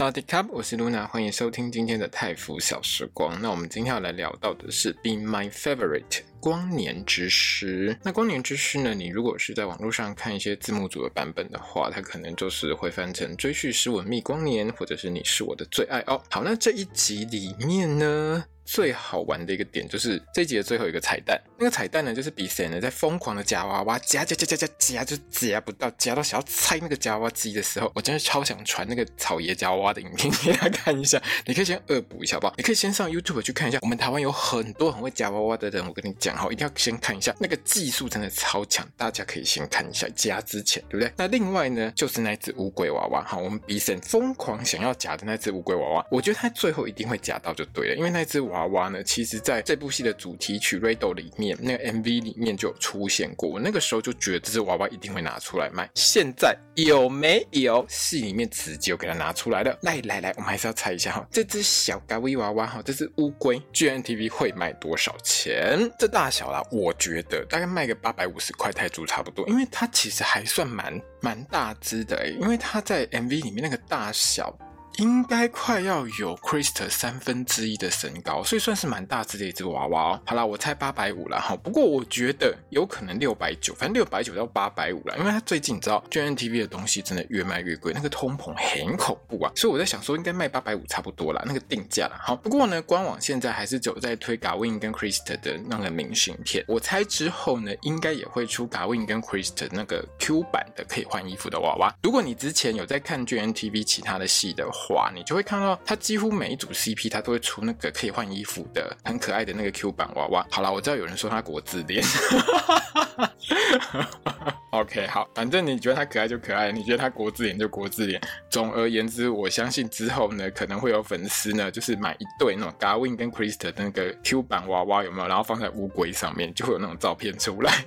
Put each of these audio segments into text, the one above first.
薩瓦迪卡我是 Luna，歡迎收聽今天的泰腐小時光。那我們今天要來聊到的是《Be My Favorite》光年之詩。那光年之詩呢，你如果是在網絡上看一些字幕組的版本的話，它可能就是會翻成《追敘詩文覓光年》，或者是《你是我的最愛》哦。好，那這一集裡面呢，最好玩的一個點就是這一集的最後一個彩蛋，那個彩蛋呢，就是比森呢在瘋狂的夾娃娃，夾夾夾夾夾，就夾不到，夾到想要拆那個夾娃娃機的時候，我真的超想傳那個草爺夾娃娃的影片給大家看一下，你可以先惡補一下好不好？你可以先上 YouTube 去看一下，我們台灣有很多很會夾娃娃的人，我跟你講哈、哦，一定要先看一下，那個技術真的超強，大家可以先看一下夾之前，對不對？那另外呢，就是那隻烏龜娃娃哈，我們比森瘋狂想要夾的那隻烏龜娃娃，我覺得他最後一定會夾到就對了，因為那隻娃娃。娃娃呢？其實，在這部戲的主題曲《Radio》裡面，那個 MV 裡面就有出現過。我那個時候就覺得，這只娃娃一定會拿出來賣。現在有沒有？戲裡面直接有給它拿出來了。來來來，我們還是要猜一下哈。這只小嘎威娃娃哈，這只烏龜，GMMTV 會賣多少錢？這大小啦，我覺得大概賣個八百五十塊泰銖差不多，因為它其實還算蠻蠻大隻的誒，因為它在 MV 裡面那個大小。應該快要有 Krist 三分之一的身高，所以算是蠻大只的一只娃娃哦。好啦，我猜八百五啦。哈。不過我覺得有可能六百九，反正六百九到八百五啦，因為他最近你知道 GMMTV 的東西真的越賣越貴，那個通膨很恐怖啊。所以我在想說，應該賣八百五差不多啦，那個定價啦。好，不過呢，官網現在還是只有在推 Gawin 跟 Krist 的那個明信片。我猜之後呢，應該也會出 Gawin 跟 Krist 那個 Q 版的可以換衣服的娃娃。如果你之前有在看 GMMTV 其他的戲的話，哇，你就會看到，他幾乎每一組 CP 他都會出那個可以換衣服的很可愛的那個 Q 版娃娃。好了，我知道有人說他國字臉 ，OK 好，反正你覺得他可愛就可愛，你覺得他國字臉就國字臉。總而言之，我相信之後呢，可能會有粉絲呢，就是買一對那種 Gawin 跟 Krist 的那個 Q 版娃娃有沒有？然後放在烏龜上面，就會有那種照片出來。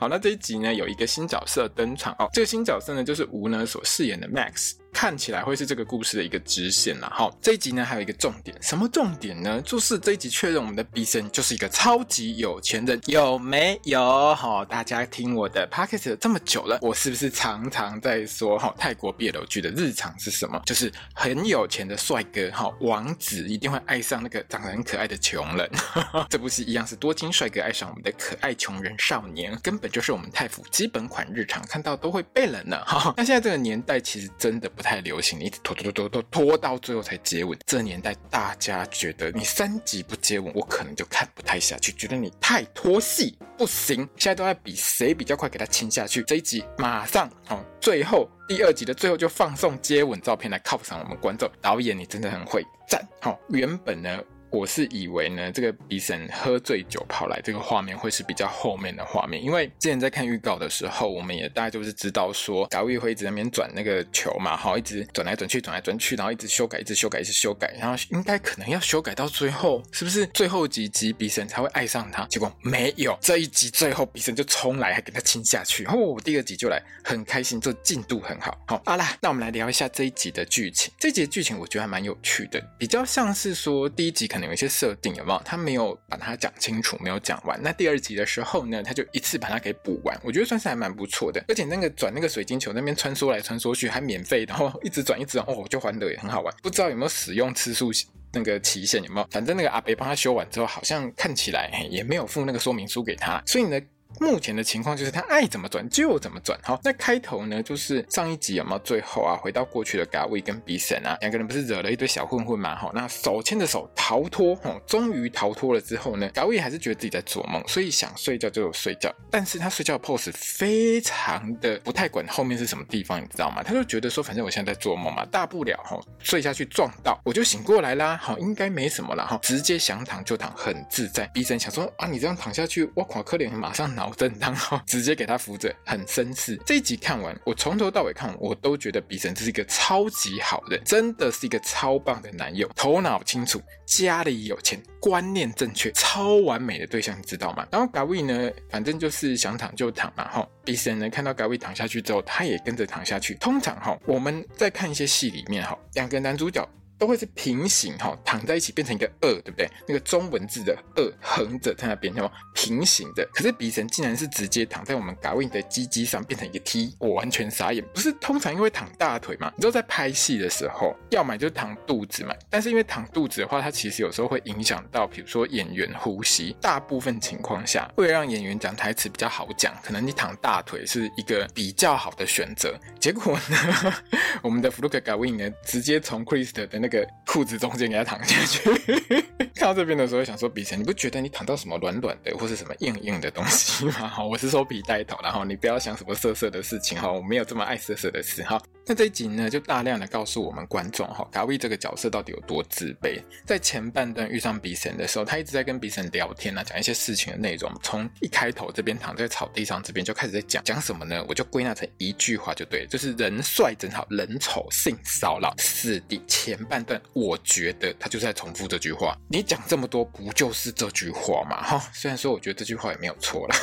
好，那這一集呢，有一個新角色登場哦，這個新角色呢就是吳呢所飾演的 Max。看起來會是這個故事的一個主線了。好，這一集呢還有一個重點，什麼重點呢？就是這一集確認我們的畢生就是一個超級有錢的。有沒有？好，大家聽我的 podcast 這麼久了，我是不是常常在說哈泰國 BL 劇的日常是什麼？就是很有錢的帥哥哈王子一定會愛上那個長得很可愛的窮人， 這部戲一樣，是多金帥哥愛上我們的可愛窮人少年，根本就是我們泰腐基本款日常，看到都會背冷哈哈。 那現在這個年代其實真的不太。太流行，你一直拖拖拖拖拖拖，到最後才接吻。這年代，大家覺得你三集不接吻，我可能就看不太下去，覺得你太拖戲不行。現在都在比誰比較快給他親下去。這一集馬上，哦、最後第二集的最後就放送接吻照片來犒賞上我們觀眾。導演，你真的很會讚、哦。原本呢？我是以為呢，這個比神喝醉酒跑來這個畫面會是比較後面的畫面，因為之前在看預告的時候，我們也大概就是知道說，賈維會一直在那邊轉那個球嘛，好，一直轉來轉去，轉來轉去，然後一直修改，一直修改，一直修改，然後應該可能要修改到最後，是不是最後幾集比神才會愛上他？結果沒有，這一集最後比神就衝來，還給他親下去。然後第二集就來很開心，就進度很好。好，好啦，那我們來聊一下這一集的劇情。這集的劇情我覺得還蠻有趣的，比較像是說第一集可能。有一些設定有沒有？他沒有把它講清楚，沒有講完。那第二集的時候呢，他就一次把它給補完。我覺得算是還蠻不錯的。而且那個轉那個水晶球那邊穿梭來穿梭去還免費，然後一直轉一直轉哦，就還得也很好玩。不知道有沒有使用次數那個期限有沒有？反正那個阿北幫他修完之後，好像看起來也沒有附那個說明書給他。所以呢。目前的情況就是他愛怎麼轉就怎麼轉。好，那開頭呢？就是上一集有沒有最後啊？回到過去的嘎維跟比森啊，兩個人不是惹了一堆小混混嘛？好、哦，那手牽着手逃脫，哈、哦，終於逃脫了之後呢？嘎維還是覺得自己在做夢，所以想睡覺就有睡覺。但是他睡覺的 pose 非常的不太管後面是什麼地方，你知道嗎？他就覺得說，反正我現在在做夢嘛，大不了哈、哦、睡下去撞到我就醒過來啦。好、哦，應該沒什麼了哈、哦，直接想躺就躺，很自在。比森想說啊，你這樣躺下去，哇，垮克林馬上拿。好正當哈，直接給他扶着，很紳士。這一集看完，我從頭到尾看完我都覺得比神這是一個超級好人，真的是一個超棒的男友，頭腦清楚，家裡有錢，觀念正確，超完美的對象，你知道嗎？然後蓋威呢，反正就是想躺就躺嘛哈。比神呢，看到蓋威躺下去之後，他也跟着躺下去。通常哈，我們在看一些戲裡面哈，兩個男主角。都會是平行哈、哦，躺在一起變成一個二，對不對？那個中文字的二，橫着在那邊，那麼平行的。可是鼻神竟然是直接躺在我們 Gawin 的雞雞上，變成一個 T，我完全傻眼。不是通常因為躺大腿嘛？你知道在拍戲的時候，要麼就是躺肚子嘛。但是因為躺肚子的話，它其實有時候會影響到，比如說演員呼吸。大部分情況下，為了讓演員講台詞比較好講，可能你躺大腿是一個比較好的選擇。結果呢， 我們的、Fluke、Gawin 呢，直接從 Christ 的那個。褲子中間給他躺下去， 看到這邊的時候想說，比成你不覺得你躺到什麼軟軟的或是什麼硬硬的東西嗎？我是說皮帶頭，然後你不要想什麼色色的事情，哈，我沒有這麼愛色色的事，哈。那這一集呢，就大量的告訴我們觀眾哈，卡威這個角色到底有多自卑。在前半段遇上比神的時候，他一直在跟比神聊天啊，講一些事情的內容。從一開頭這邊躺在草地上這，這邊就開始在講，講什麼呢？我就歸納成一句話就對了，就是人帥真好，人醜性騷擾。是的，前半段我覺得他就是在重複這句話。你講這麼多，不就是這句話嗎？哈，雖然說我覺得這句話也沒有錯啦。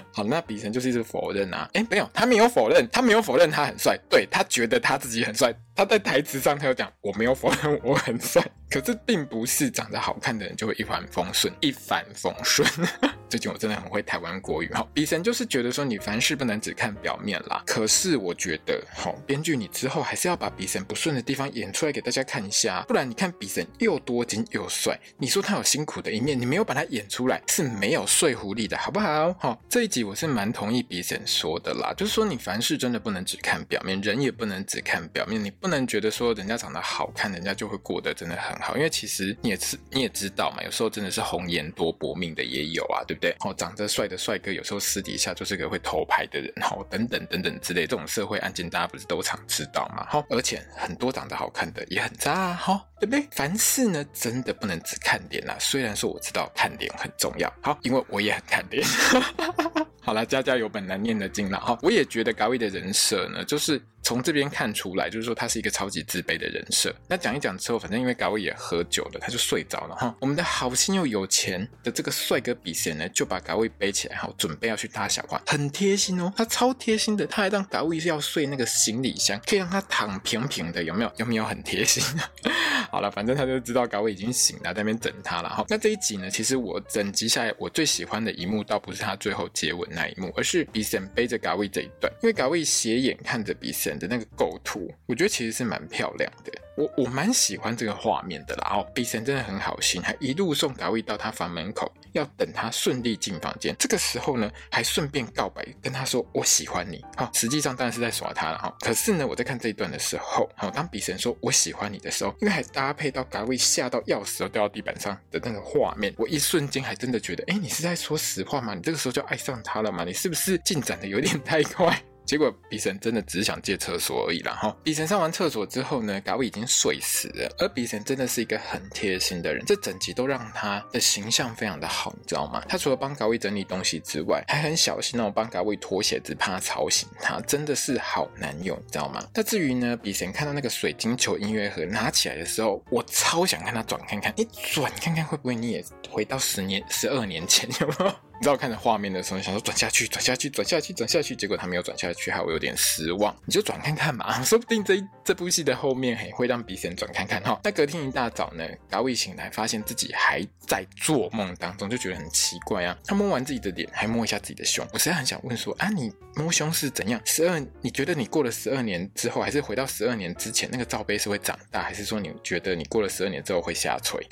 好，那比神就是一直否認啊，哎、欸，沒有，他沒有否認，他沒有否認他很帥，對。他覺得他自己很帥，他在台詞上他又講，我沒有否認我很帥，可是並不是長得好看的人就會一帆風順，一帆風順。 最近我真的很會台灣國語，好，鼻神就是覺得說你凡事不能只看表面啦。可是我覺得，好、哦，編劇你之後還是要把鼻神不順的地方演出來給大家看一下，不然你看鼻神又多金又帥，你說他有辛苦的一面，你沒有把他演出來是沒有說服力的，好不好？好、哦，這一集我是蠻同意鼻神說的啦，就是說你凡事真的不能只看表面，人也不能只看表面，你不能覺得說人家長得好看，人家就會過得真的很好，因為其實你也是，你也知道嘛，有時候真的是紅顏多薄命的也有啊，對。對,對，好，長得帥的帥哥有時候私底下就是個會偷拍的人，好，等等等等之類，這種社會案件大家不是都常知道嘛？好，而且很多長得好看的也很渣、啊，好，對不對？凡事呢，真的不能只看臉吶、啊，雖然說我知道看臉很重要，好，因為我也很看臉， 好啦，家家有本難念的經啦，好，我也覺得高位的人設呢，就是。從這邊看出來，就是說他是一個超級自卑的人設。那講一講之後，反正因為嘎位也喝酒了，他就睡着了哈。我們的好心又有錢的這個帥哥比森呢，就把嘎位背起來，好，準備要去搭小花，很貼心哦。他超貼心的，他還讓嘎位要睡那個行李箱，可以讓他躺平平的，有沒有？有沒有很貼心？ 好了，反正他就知道嘎位已經醒了，在那邊等他了哈。那這一集呢，其實我整集下來我最喜歡的一幕，倒不是他最後接吻那一幕，而是比森背着嘎位這一段，因為嘎位斜眼看着比森的那個構圖，我覺得其實是蠻漂亮的，我我蠻喜歡這個畫面的啦、喔。哦，比神真的很好心，還一路送嘎威到他房門口，要等他順利進房間。這個時候呢，還順便告白，跟他說我喜歡你。哈、喔，實際上當然是在耍他了哈、喔。可是呢，我在看這一段的時候，好，當比神說我喜歡你的時候，因為還搭配到嘎威嚇到鑰匙掉到地板上的那個畫面，我一瞬間還真的覺得，哎、欸，你是在說實話嗎？你這個時候就愛上他了嗎？你是不是進展得有點太快？結果比神真的只想借廁所而已啦，然後比神上完廁所之後呢，蓋威已經睡死了。而比神真的是一個很貼心的人，這整集都讓他的形象非常的好，你知道嗎？他除了幫蓋威整理東西之外，還很小心哦，那種幫蓋威脫鞋子，怕他吵醒他，真的是好男友，你知道嗎？那至於呢，比神看到那個水晶球音樂盒拿起來的時候，我超想看他轉看看，你轉看看會不會你也回到十年、十二年前，有沒有？你知道看着畫面的時候，想說轉下去，轉下去，轉下去，轉下去，結果他沒有轉下去，害我有點失望。你就轉看看嘛，說不定這這部戲的後面還會讓彼此轉看看哈。那隔天一大早呢，嘎尾醒來，發現自己還在做夢當中，就覺得很奇怪啊。他摸完自己的臉，還摸一下自己的胸。我實在很想問說啊，你摸胸是怎樣？十二？你覺得你過了十二年之後，還是回到十二年之前？那個罩杯是會長大，還是說你覺得你過了十二年之後會下垂？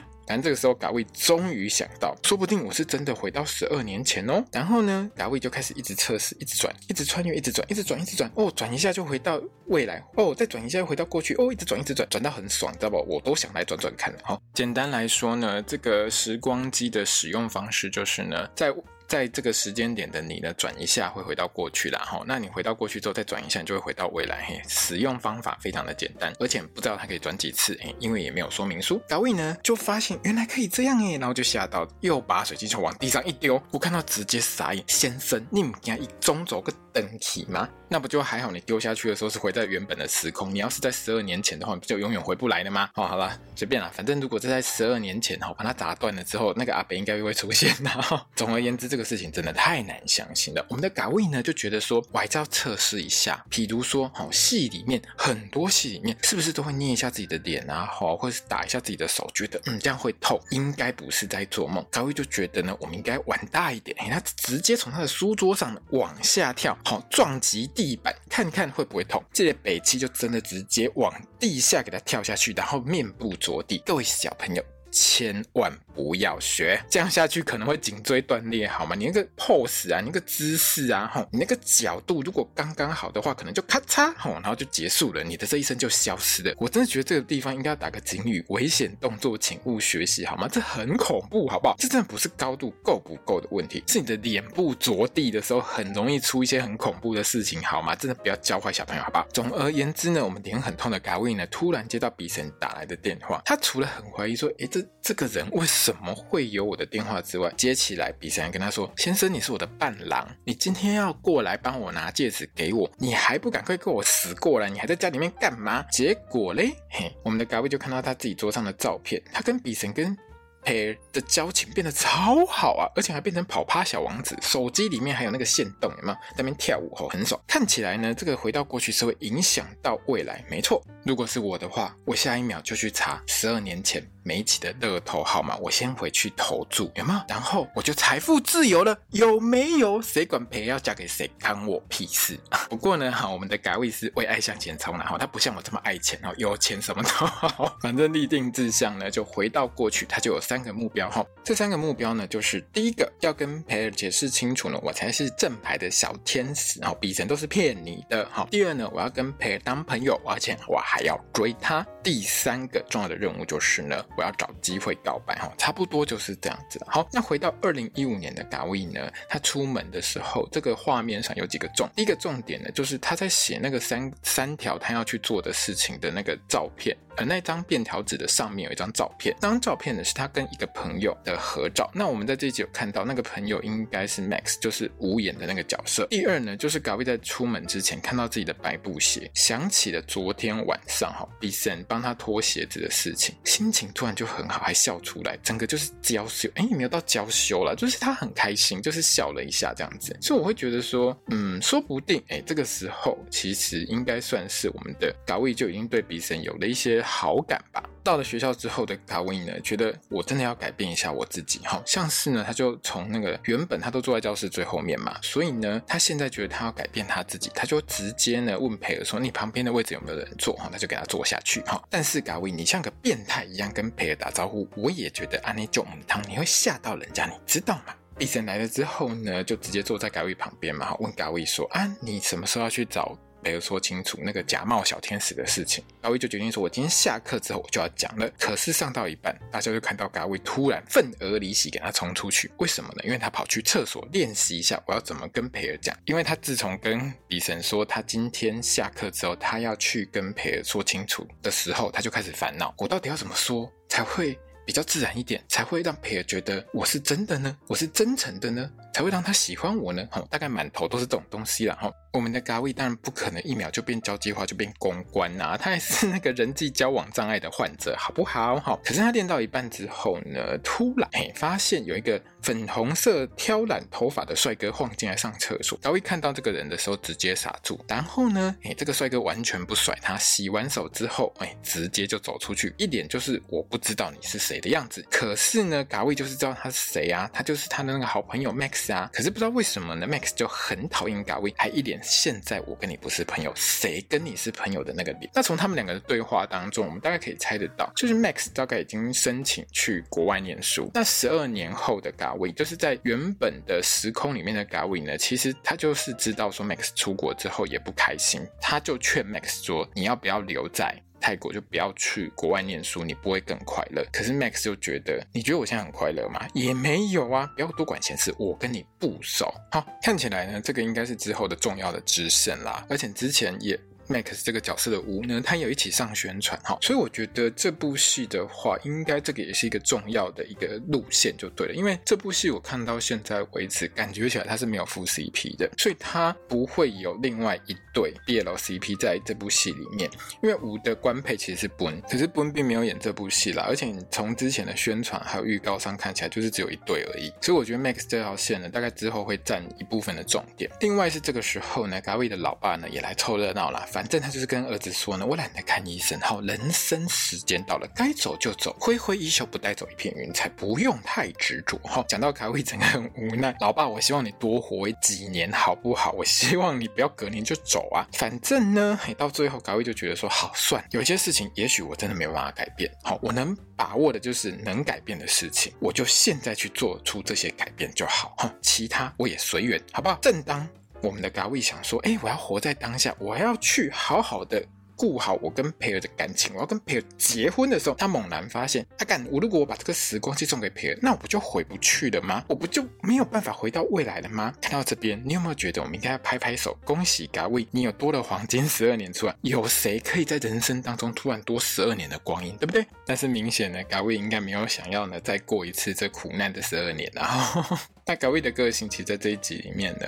但這個時候，Kawi 終於想到，說不定我是真的回到十二年前哦。然後呢，Kawi 就開始一直測試，一直轉，一直穿越，一直轉，一直轉，一直轉。哦，轉一下就回到未來，哦，再轉一下又回到過去，哦，一直轉，一直轉，轉到很爽，知道不？我都想來轉轉看。哦。簡單來說呢，這個時光機的使用方式就是呢，在。在這個時間點的你呢，轉一下會回到過去啦，吼、哦，那你回到過去之後再轉一下，你就會回到未來。嘿，使用方法非常的簡單，而且不知道它可以轉幾次，嘿，因為也沒有說明書。高威呢就發現原來可以這樣哎，然後就嚇到，又把水晶球往地上一丟，我看到直接傻眼，先生，你不要一中走個等級嗎？那不就還好？你丟下去的時候是回在原本的時空，你要是在十二年前的話，你不就永遠回不來了嗎？啊、哦，好了，隨便啦，反正如果是在十二年前吼、哦、把它砸斷了之後，那個阿北應該又會出現。然後，總而言之這個。這個事情真的太難相信了。我們的高威呢就覺得說，我還是要測試一下，譬如說，好戲裡面很多戲裡面是不是都會捏一下自己的臉啊，好，或者是打一下自己的手，覺得嗯，這樣會痛，應該不是在做夢。高威就覺得呢，我們應該玩大一點，誒，他直接從他的書桌上往下跳，好撞擊地板，看看會不會痛。這個北七就真的直接往地下給他跳下去，然後面部着地。各位小朋友。千萬不要學，這樣下去可能會頸椎斷裂，好嗎？你那個 pose 啊，你那個姿勢啊，吼，你那個角度，如果剛剛好的話，可能就咔嚓，吼，然後就結束了，你的這一生就消失了。我真的覺得這個地方應該要打個警語，危險動作，請勿學習，好嗎？這很恐怖，好不好？這真的不是高度夠不夠的問題，是你的臉部着地的時候，很容易出一些很恐怖的事情，好嗎？真的不要教壞小朋友，好不好？總而言之呢，我們臉很痛的 Kawi 呢，突然接到 Pisaeng 打來的電話，他除了很懷疑說，誒、欸，這。這個人為什麼會有我的電話之外，接起來，比神還跟他說：“先生，你是我的伴郎，你今天要過來幫我拿戒指給我，你還不趕快給我死過來！你還在家裡面幹嘛？”結果嘞，嘿，我們的咖位就看到他自己桌上的照片，他跟比神跟。pair 的交情變得超好啊，而且還變成跑趴小王子，手機裡面還有那個線動，有沒有？在那邊跳舞吼、哦，很爽。看起來呢，這個回到過去是會影響到未來，沒錯。如果是我的話，我下一秒就去查十二年前每期的樂透號碼，我先回去投注，有沒有？然後我就財富自由了，有沒有？誰管 pair 要嫁給誰，關我屁事。 不過呢，哈，我們的改位是為愛向前衝、啊，然、哦、後他不像我這麼愛錢哦，有錢什麼都好。反正立定志向呢，就回到過去，他就有。三個目標哈、哦，這三個目標呢，就是第一個要跟佩爾解釋清楚呢，我才是正牌的小天使哈，別人都是騙你的哈、哦。第二呢，我要跟佩爾當朋友，而且我還要追他。第三個重要的任務就是呢，我要找機會告白哈、哦，差不多就是這樣子。好、哦，那回到二零一五年的卡溫呢，他出門的時候，這個畫面上有幾個重，第一個重點呢，就是他在寫那個三三條他要去做的事情的那個照片，而那張便條紙的上面有一張照片，那張照片呢是他跟跟一個朋友的合照，那我們在這集有看到那個朋友應該是 Max，就是無眼的那個角色。第二呢，就是 Kawi 在出門之前看到自己的白布鞋，想起了昨天晚上哈、哦，Bison 幫他脫鞋子的事情，心情突然就很好，還笑出來，整個就是嬌羞，哎，沒有到嬌羞啦，就是他很開心，就是笑了一下這樣子。所以我會覺得說，嗯，說不定，哎，這個時候其實應該算是我們的 Kawi 就已經對 Bison 有了一些好感吧。到了學校之後的卡威呢，覺得我真的要改變一下我自己，好像是呢，他就從那個原本他都坐在教室最後面嘛，所以呢，他現在覺得他要改變他自己，他就直接呢問培爾說：“你旁邊的位置有沒有人坐？”哈，他就給他坐下去。哈，但是卡威你像個變態一樣跟培爾打招呼，我也覺得啊你就母湯，你會嚇到人家，你知道嗎？醫生來了之後呢，就直接坐在卡威旁邊嘛，問卡威說：“啊，你什麼時候要去找？”培爾說清楚那個假冒小天使的事情，阿威就決定說：“我今天下課之後我就要講了。”可是上到一半，大家就看到蓋威突然憤而離席，給他衝出去。為什麼呢？因為他跑去廁所練習一下，我要怎麼跟培爾講？因為他自從跟比神說他今天下課之後，他要去跟培爾說清楚的時候，他就開始煩惱：我到底要怎麼說才會比較自然一點？才會讓培爾覺得我是真的呢？我是真誠的呢？才會讓他喜歡我呢？哦，大概滿頭都是這種東西，然後，哦我們的嘎衛當然不可能一秒就變交際花，就變公關吶、啊，他還是那個人際交往障礙的患者，好不好？好，可是他練到一半之後呢，突然、欸、發現有一個粉紅色挑染頭髮的帥哥晃進來上廁所，嘎衛看到這個人的時候直接傻住，然後呢，哎、欸、這個帥哥完全不甩他，洗完手之後哎、欸、直接就走出去，一臉就是我不知道你是誰的樣子。可是呢，嘎衛就是知道他是誰啊，他就是他的那個好朋友 Max 啊。可是不知道為什麼呢，Max 就很討厭嘎衛，還一臉。現在我跟你不是朋友，誰跟你是朋友的那個點。那從他們兩個的對話當中，我們大概可以猜得到，就是 Max 大概已經申請去國外念書。那十二年後的 Gavi 就是在原本的時空裡面的 Gavi 呢，其實他就是知道說 Max 出國之後也不開心，他就勸 Max 說：“你要不要留在？”泰國就不要去國外念書，你不會更快樂。可是 Max 就覺得，你覺得我現在很快樂嗎？也沒有啊，不要多管閒事，我跟你不熟。好，看起來呢，這個應該是之後的重要的支線啦，而且之前也。Max 這個角色的吳呢，他也有一起上宣傳哈，所以我覺得這部戲的話，應該這個也是一個重要的一個路線就對了。因為這部戲我看到現在為止，感覺起來他是沒有副 CP 的，所以他不會有另外一對 BL CP 在這部戲裡面。因為吳的官配其實是 Boon，可是 Boon 並沒有演這部戲啦，而且你從之前的宣傳還有預告上看起來，就是只有一對而已。所以我覺得 Max 這條線呢，大概之後會佔一部分的重點。另外是這個時候呢，Gavi 的老爸呢也來湊熱鬧啦。反正他就是跟兒子說呢，我懶得看醫生。好，人生時間到了，該走就走，揮揮衣袖不帶走一片雲彩，不用太執着。好，講到卡威，整個很無奈。老爸，我希望你多活幾年，好不好？我希望你不要隔年就走啊。反正呢，到最後卡威就覺得說，好算，有些事情也許我真的沒有辦法改變。好，我能把握的就是能改變的事情，我就現在去做出這些改變就好。哈，其他我也隨緣，好不好？正當。我們的嘎衛想說：“哎，我要活在當下，我要去好好的顧好我跟培爾的感情。我要跟培爾結婚的時候，他猛然發現，阿敢，我如果我把這個時光機送給培爾，那我不就回不去了嗎？我不就沒有辦法回到未來了嗎？”看到這邊，你有沒有覺得我們應該要拍拍手，恭喜嘎衛，你有多了黃金十二年出來？有誰可以在人生當中突然多十二年的光陰，對不對？但是明顯呢，嘎衛應該沒有想要呢，再過一次這苦難的十二年、啊。然後，那嘎衛的個性，其實在這一集裡面呢。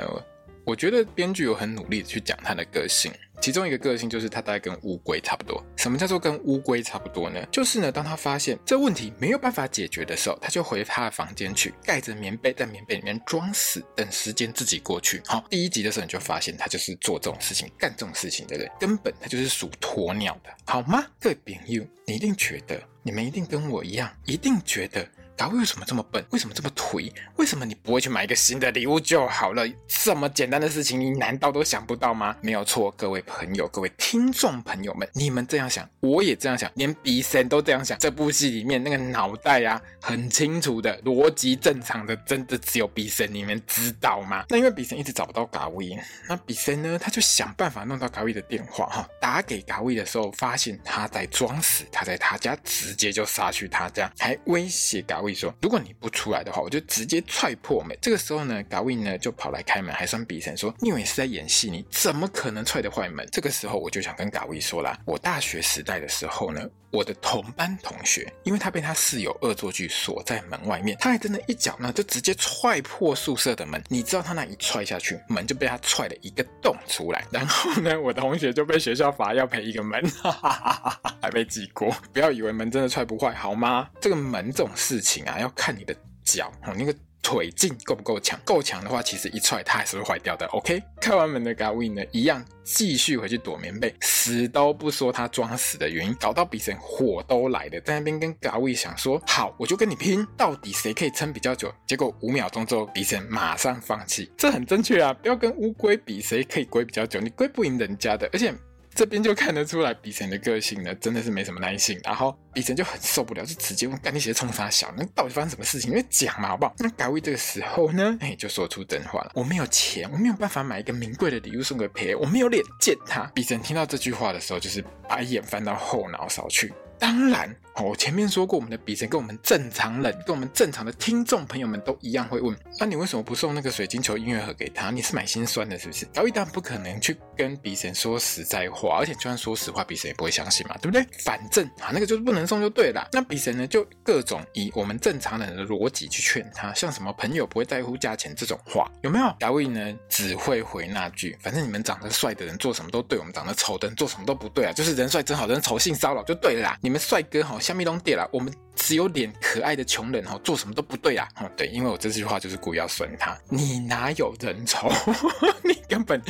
我覺得編劇有很努力的去講他的個性，其中一個個性就是他大概跟烏龜差不多。什麼叫做跟烏龜差不多呢？就是呢，當他發現這問題沒有辦法解決的時候，他就回他的房間去，蓋着棉被，在棉被裡面裝死，等時間自己過去。好，第一集的時候你就發現他就是做這種事情，幹這種事情的人，根本他就是屬鴕鳥的，好嗎？各位朋友，你一定覺得，你們一定跟我一樣，一定覺得。嘎威為什麼這麼笨？為什麼這麼頹？為什麼你不會去買一個新的禮物就好了？這麼簡單的事情，你難道都想不到嗎？沒有錯，各位朋友，各位聽眾朋友們，你們這樣想，我也這樣想，連比森都這樣想。這部戲裡面那個腦袋啊，很清楚的，邏輯正常的，真的只有比森，你們知道嗎？那因為比森一直找不到嘎威，那比森呢，他就想辦法弄到嘎威的電話，哈，打給嘎威的時候，發現他在裝死，他在他家，直接就殺去他家，還威脅嘎。我跟你說，如果你不出來的話，我就直接踹破門。這個時候呢，嘎威呢就跑來開門，還算比神說，你以為是在演戲？你怎麼可能踹得壞門？這個時候我就想跟嘎威說啦，我大學時代的時候呢，我的同班同學，因為他被他室友惡作劇鎖在門外面，他還真的一腳呢就直接踹破宿舍的門。你知道他那一踹下去，門就被他踹了一個洞出來。然後呢，我的同學就被學校罰要賠一個門，哈哈哈哈，還被記過。不要以為門真的踹不壞，好嗎？這個門這種事情。啊，要看你的腳，哦、嗯，那個腿勁夠不夠強？夠強的話，其實一踹它還是會壞掉的。OK，開完門的 Kawi 呢，一樣繼續回去躲棉被，死都不說他裝死的原因。搞到 Pisaeng 火都來了，在那邊跟 Kawi 想說，好，我就跟你拼，到底誰可以撐比較久？結果五秒鐘之後，Pisaeng 馬上放棄，這很正確啊，不要跟烏龜比誰可以龜比較久，你龜不贏人家的，而且。這邊就看得出來，比神的個性呢，真的是沒什麼耐心。然後比神就很受不了，就直接用幹緊起來衝啥小？那到底發生什麼事情？因為講嘛，好不好？那高威這個時候呢，欸，就說出真話了。我沒有錢，我沒有辦法買一個名貴的禮物送給裴，我沒有臉見他。比神聽到這句話的時候，就是把眼翻到後腦勺去。當然。我前面說過，我們的比神跟我們正常人，跟我們正常的聽眾朋友們都一樣會問：那你為什麼不送那個水晶球音樂盒給他？你是蠻心酸的，是不是？小一當然不可能去跟比神說實在話，而且就算說實話，比神也不會相信嘛，對不對？反正啊，那個就是不能送就對啦。那比神呢，就各種以我們正常人的邏輯去勸他，像什麼朋友不會在乎價錢這種話，有沒有？小一呢，只會回那句：反正你們長得帥的人做什麼都對，我們長得醜的人做什麼都不對啊！就是人帥真好，人醜性騷擾就對啦。你們帥哥哈。小迷龍點了，我們只有臉可愛的窮人哈，做什麼都不對啊。哈、嗯，對，因為我這句話就是故意要損他，你哪有人醜， 你根本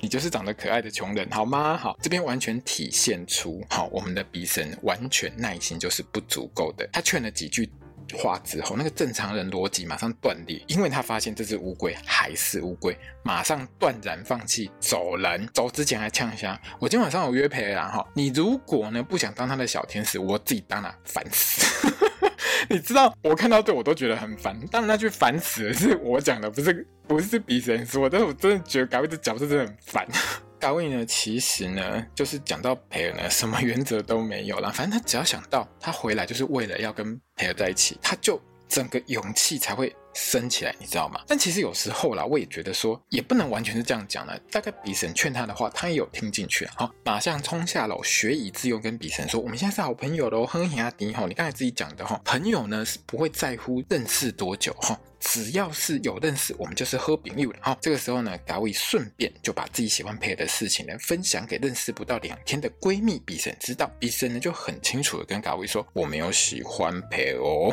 你就是長得可愛的窮人，好嗎？好，這邊完全體現出好，我們的鼻神完全耐心就是不足夠的，他勸了幾句話之後，那個正常人邏輯馬上斷裂，因為他發現這隻烏龜還是烏龜，馬上斷然放棄走人。走之前還嗆一下：“我今天晚上有約陪人哈，你如果呢不想當他的小天使，我自己當了，煩死。 ”你知道我看到這我都覺得很煩，當然那句煩死的是我講的不是，不是不是比誰說，但是我真的覺得搞這角色真的很煩。高威呢？其實呢，就是講到培爾呢，什麼原則都沒有啦，反正他只要想到他回來就是為了要跟培爾在一起，他就整個勇氣才會。升起來，你知道嗎？但其實有時候啦，我也覺得說，也不能完全是這樣講的，大概比神勸他的話，他也有聽進去，好、哦，馬上衝下樓、哦、學以致用，跟比神說，我們現在是好朋友嘍。哼哈迪吼，你剛才自己講的、哦、朋友呢是不會在乎認識多久哈、哦，只要是有認識，我們就是喝冰玉的哈。這個時候呢，嘎位順便就把自己喜歡培的事情呢分享給認識不到兩天的閨蜜比神知道，比神呢就很清楚地跟嘎位說，我沒有喜歡培哦，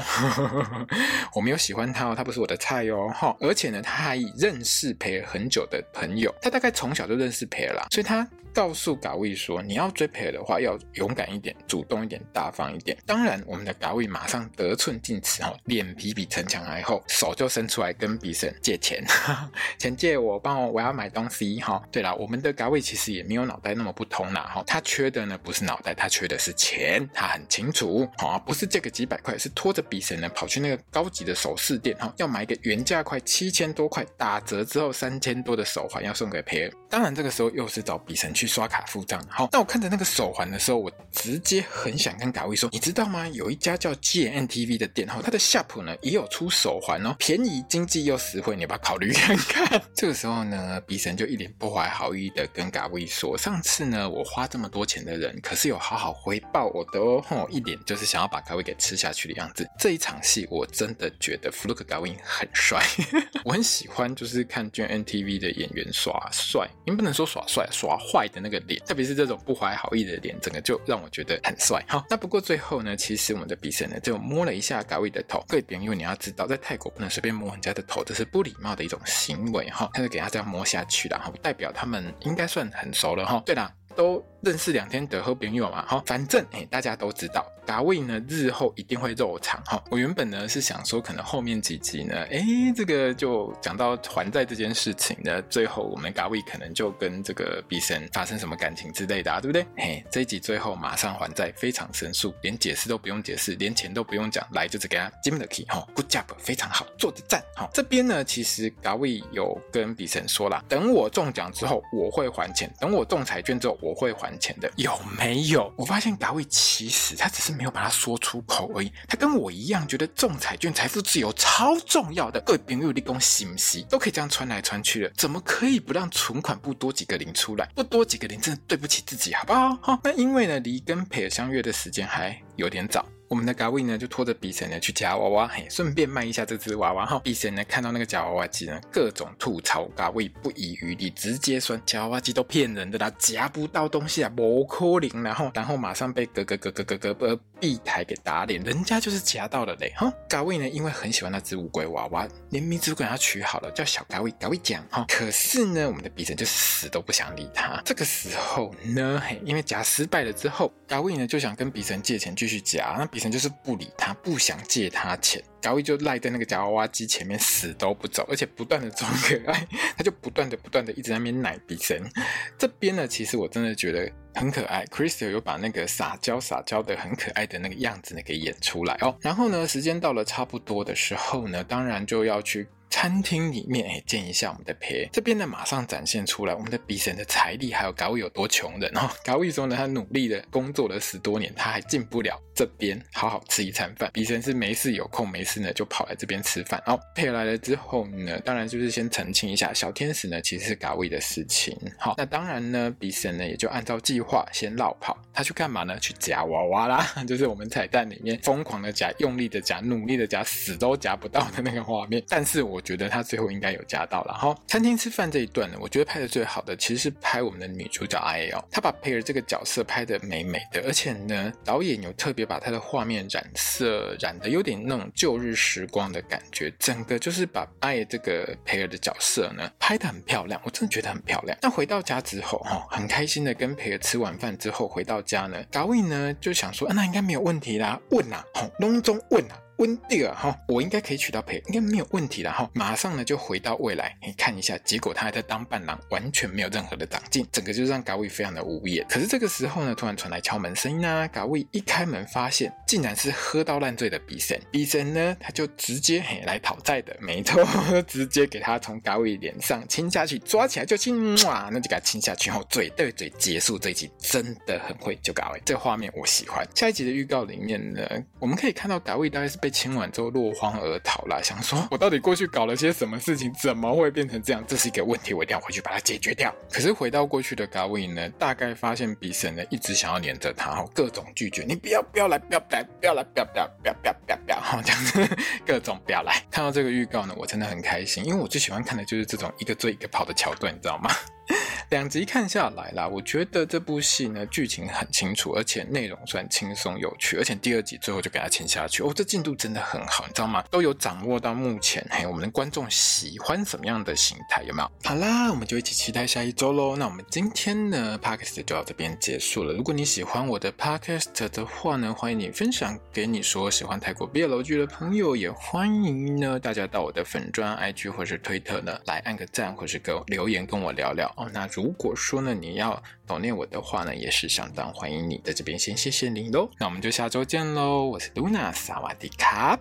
我沒有喜歡他哦，他不。就是我的菜喲、哦哦，而且呢，他還認識陪很久的朋友，他大概從小就認識陪了啦，所以他告訴嘎位說：“你要追陪的話，要勇敢一點，主動一點，大方一點。”當然，我們的嘎位馬上得寸進尺哦，臉皮比城牆還厚，手就伸出來跟比神借錢呵呵，錢借我，幫我我要買東西哈、哦。對啦，我們的嘎位其實也沒有腦袋那麼不通啦哈、哦，他缺的呢不是腦袋，他缺的是錢，他很清楚哈、哦，不是借個幾百塊，是拖着比神呢跑去那個高級的首飾店哈。哦要買一個原價快七千多塊，打折之後三千多的手環，要送給裴爾。當然，這個時候又是找比神去刷卡付賬。好，那我看着那個手環的時候，我直接很想跟嘎衛說：“你知道嗎？有一家叫 GNTV 的店，哈，它的下 h 呢也有出手環哦，便宜、經濟又實惠，你要不要考慮看看？ ”這個時候呢，比神就一臉不懷好意的跟嘎衛說：“上次呢，我花這麼多錢的人，可是有好好回報我的哦。”一臉就是想要把嘎衛給吃下去的樣子。這一場戲，我真的覺得 Fluke 嘎。我很帥， 我很喜歡，就是看 GMMTV 的演員耍帥。你不能說耍帥，耍壞的那個臉，特別是這種不懷好意的臉，整個就讓我覺得很帥。好，那不過最後呢，其實我們的比賽呢，就摸了一下高位的頭。各位朋友，因為你要知道，在泰國不能隨便摸人家的頭，這是不禮貌的一種行為。哈、哦，他就給他這樣摸下去的，哈，代表他們應該算很熟了。哈、哦，對啦都認識兩天的好朋友嘛，好、哦，反正誒、欸、大家都知道，嘎衛呢日後一定會肉償哈、哦。我原本呢是想說，可能後面幾集呢，誒、欸、這個就講到還債這件事情呢。最後我們嘎衛可能就跟這個比神發生什麼感情之類的啊，對不對？嘿、欸，這一集最後馬上還債，非常神速，連解釋都不用解釋，連錢都不用講，來就是給他 gimme the key 哈，good job，非常好，做得讚哈。這邊呢，其實嘎衛有跟比神說啦，等我中獎之後我會還錢，等我中彩券之後。我會還錢的，有沒有？我發現大衛其實他只是沒有把它說出口而已，他跟我一樣覺得中彩券、財富自由超重要的。各位朋友立功是不是都可以這樣穿來穿去的？怎麼可以不讓存款不多幾個零出來？不多幾個零，真的對不起自己，好不好？那因為呢，離跟裴爾相約的時間還有點早。我們的嘎衛呢，就拖着鼻神呢去夾娃娃，嘿，順便賣一下這隻娃娃哈。鼻神呢看到那個夾娃娃機呢，各種吐槽嘎衛不遺餘力，直接說夾娃娃機都騙人的啦，夾不到東西啊，無可能。然後，然後馬上被格格格格格格隔壁台給打臉，人家就是夾到了嘞哈。嘎衛呢，因為很喜歡那隻烏龜娃娃，連名字都給他取好了，叫小嘎衛。嘎衛講哈，可是呢，我們的鼻神就死都不想理他。這個時候呢，嘿，因為夾失敗了之後，嘎衛呢就想跟鼻神借錢繼續夾，那鼻。就是不理他，不想借他錢，高威就賴在那個夾娃娃機前面死都不走，而且不斷的裝可愛，他就不斷的不斷的一直在那邊奶鼻聲。這邊呢，其實我真的覺得很可愛，Krist 有把那個撒嬌撒嬌的很可愛的那個樣子呢給演出來哦。然後呢，時間到了差不多的時候呢，當然就要去。餐廳裡面，哎，見一下我們的佩。這邊呢，馬上展現出來我們的比神的財力，還有嘎威有多窮人哦。嘎威說呢，他努力的工作了十多年，他還進不了這邊好好吃一餐飯。比神是沒事有空沒事呢，就跑來這邊吃飯。哦，佩來了之後呢，當然就是先澄清一下，小天使呢其實是嘎威的事情。好、哦，那當然呢，比神呢也就按照計劃先落跑。他去幹嘛呢？去夾娃娃啦，就是我們彩蛋裡面瘋狂的夾、用力的夾、努力的夾、死都夾不到的那個畫面。但是我。覺得他最後應該有加到了哈。餐廳吃飯這一段呢，我覺得拍的最好的其實是拍我們的女主角阿 L，她、哦、把佩爾這個角色拍的美美的，而且呢，導演有特別把她的畫面染色染的有點那種舊日時光的感覺，整個就是把艾 L 這個佩爾的角色呢拍的很漂亮，我真的覺得很漂亮。那回到家之後哈，很開心的跟佩爾吃完飯之後回到家呢，Kawi 呢就想說、啊，那應該沒有問題啦，問啦、啊，好，籠中問啦、啊。溫蒂爾哈，我應該可以娶到培，應該沒有問題的。哈、哦，馬上呢就回到未來，你看一下，結果他還在當伴郎，完全沒有任何的長進，整個就是讓嘎維非常的無語。可是這個時候呢，突然傳來敲門聲音啊，嘎維一開門發現竟然是喝到爛醉的比森，比森呢他就直接嘿來討債的，沒錯，呵呵直接給他從嘎維臉上親下去，抓起來就親，哇，那就給他親下去，然、哦、後嘴對嘴結束這一集，真的很會，就嘎維，這畫面我喜歡。下一集的預告裡面呢，我們可以看到嘎維大概是被親完之後落荒而逃啦。想說：“我到底過去搞了些什麼事情？怎麼會變成這樣？這是一個問題，我一定要回去把它解決掉。”可是回到過去的高偉呢，大概發現比神呢一直想要黏着他，然後各種拒絕：“你不要不要來不要，不要來，不要來，不要不要不要不要不要，這樣子各種不要來。”看到這個預告呢，我真的很開心，因為我最喜歡看的就是這種一個追一個跑的橋段，你知道嗎？兩集看下來啦，我覺得這部戲呢劇情很清楚，而且內容算輕鬆有趣，而且第二集最後就給它簽下去哦，這進度真的很好，你知道嗎？都有掌握到目前嘿，我們的觀眾喜歡什麼樣的形態有沒有？好啦，我們就一起期待下一周嘍。那我們今天呢 Podcast 就到這邊結束了。如果你喜歡我的 Podcast 的話呢，歡迎你分享給你說喜歡泰國 BL 劇的朋友，也歡迎呢大家到我的粉專 IG 或者是推特呢來按個讚，或是給我留言跟我聊聊哦。那如如果說呢你要鬥內我的話呢，也是相當歡迎，你在這邊先謝謝您嘍。那我們就下周見嘍，我是露娜，薩瓦迪卡。